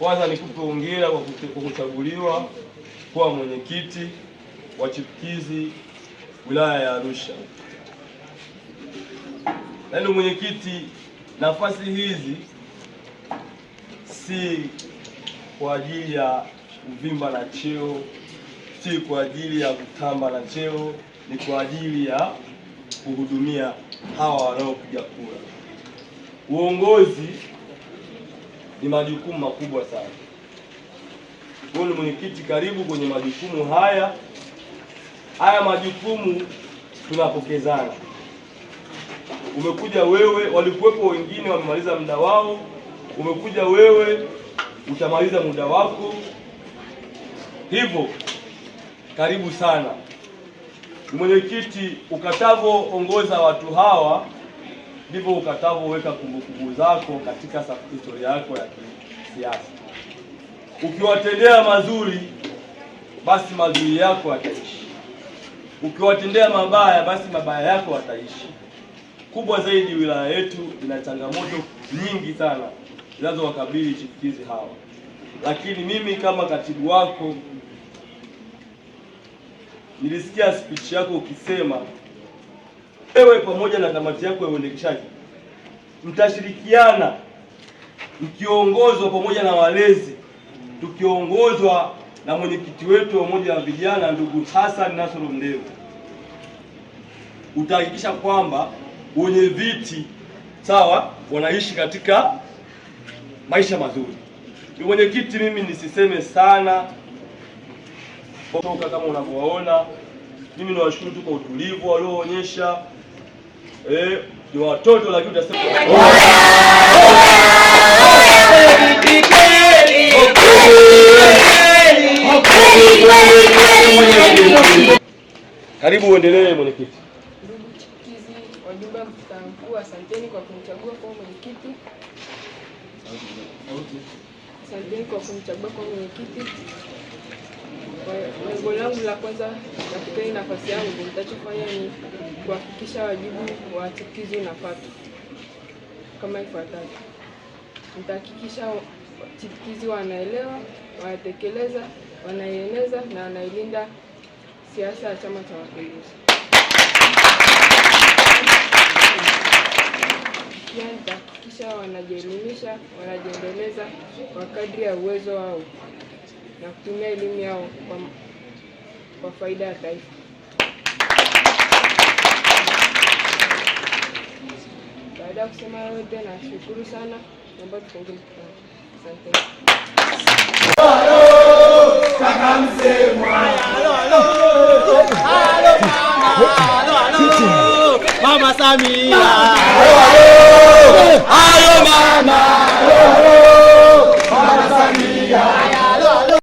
Kwanza nikupe hongera kwa kuchaguliwa kuwa mwenyekiti wa chipukizi wilaya ya Arusha. Naibu mwenyekiti, nafasi hizi si kwa ajili ya uvimba na cheo, si kwa ajili ya kutamba na cheo, ni kwa ajili ya kuhudumia hawa wanaopiga kura. Uongozi ni majukumu makubwa sana. Huyu ni mwenyekiti, karibu kwenye majukumu haya. Haya majukumu tunapokezana. Umekuja wewe, walikuwepo wengine wamemaliza muda wao. Umekuja wewe, utamaliza muda wako. Hivyo karibu sana mwenyekiti, ukatavyoongoza watu hawa ndivyo ukatavyoweka kumbukumbu zako katika historia yako ya kisiasa. Ukiwatendea mazuri, basi mazuri yako yataishi, ukiwatendea mabaya, basi mabaya yako yataishi. Kubwa zaidi, wilaya yetu ina changamoto nyingi sana zinazowakabili chipukizi hawa, lakini mimi kama katibu wako nilisikia speech yako ukisema ewe pamoja na kamati yako ya uendeshaji mtashirikiana mkiongozwa pamoja na walezi tukiongozwa na mwenyekiti wetu moja wa vijana ndugu Hassan Nasoro Mdevu utahakikisha kwamba wenye viti sawa wanaishi katika maisha mazuri. Ni mwenyekiti, mimi nisiseme sana toka kama unavyowaona, mimi nawashukuru tu kwa utulivu walioonyesha eh, ni watoto lakini utasema karibu uendelee mwenyekiti. Wajumbe mkutano mkuu, asanteni kwa kumchagua kwa mwenyekiti. Asanteni kwa kumchagua kwa mwenyekiti. Lengo langu la kwanza katika hii nafasi yangu nitachofanya ni kuhakikisha wajibu wa chipukizi unapata kama ifuatavyo. Nitahakikisha chipukizi wanaelewa, wanatekeleza, wanaieneza na wanailinda siasa ya Chama cha Mapinduzi. Pia kisha wanajielimisha, wanajiendeleza kwa kadri ya uwezo wao na kutumia elimu yao kwa, kwa faida ya taifa. Baada ya kusema yote, nashukuru sana, naomba tufungie mkutano. Asante. Mama Samia.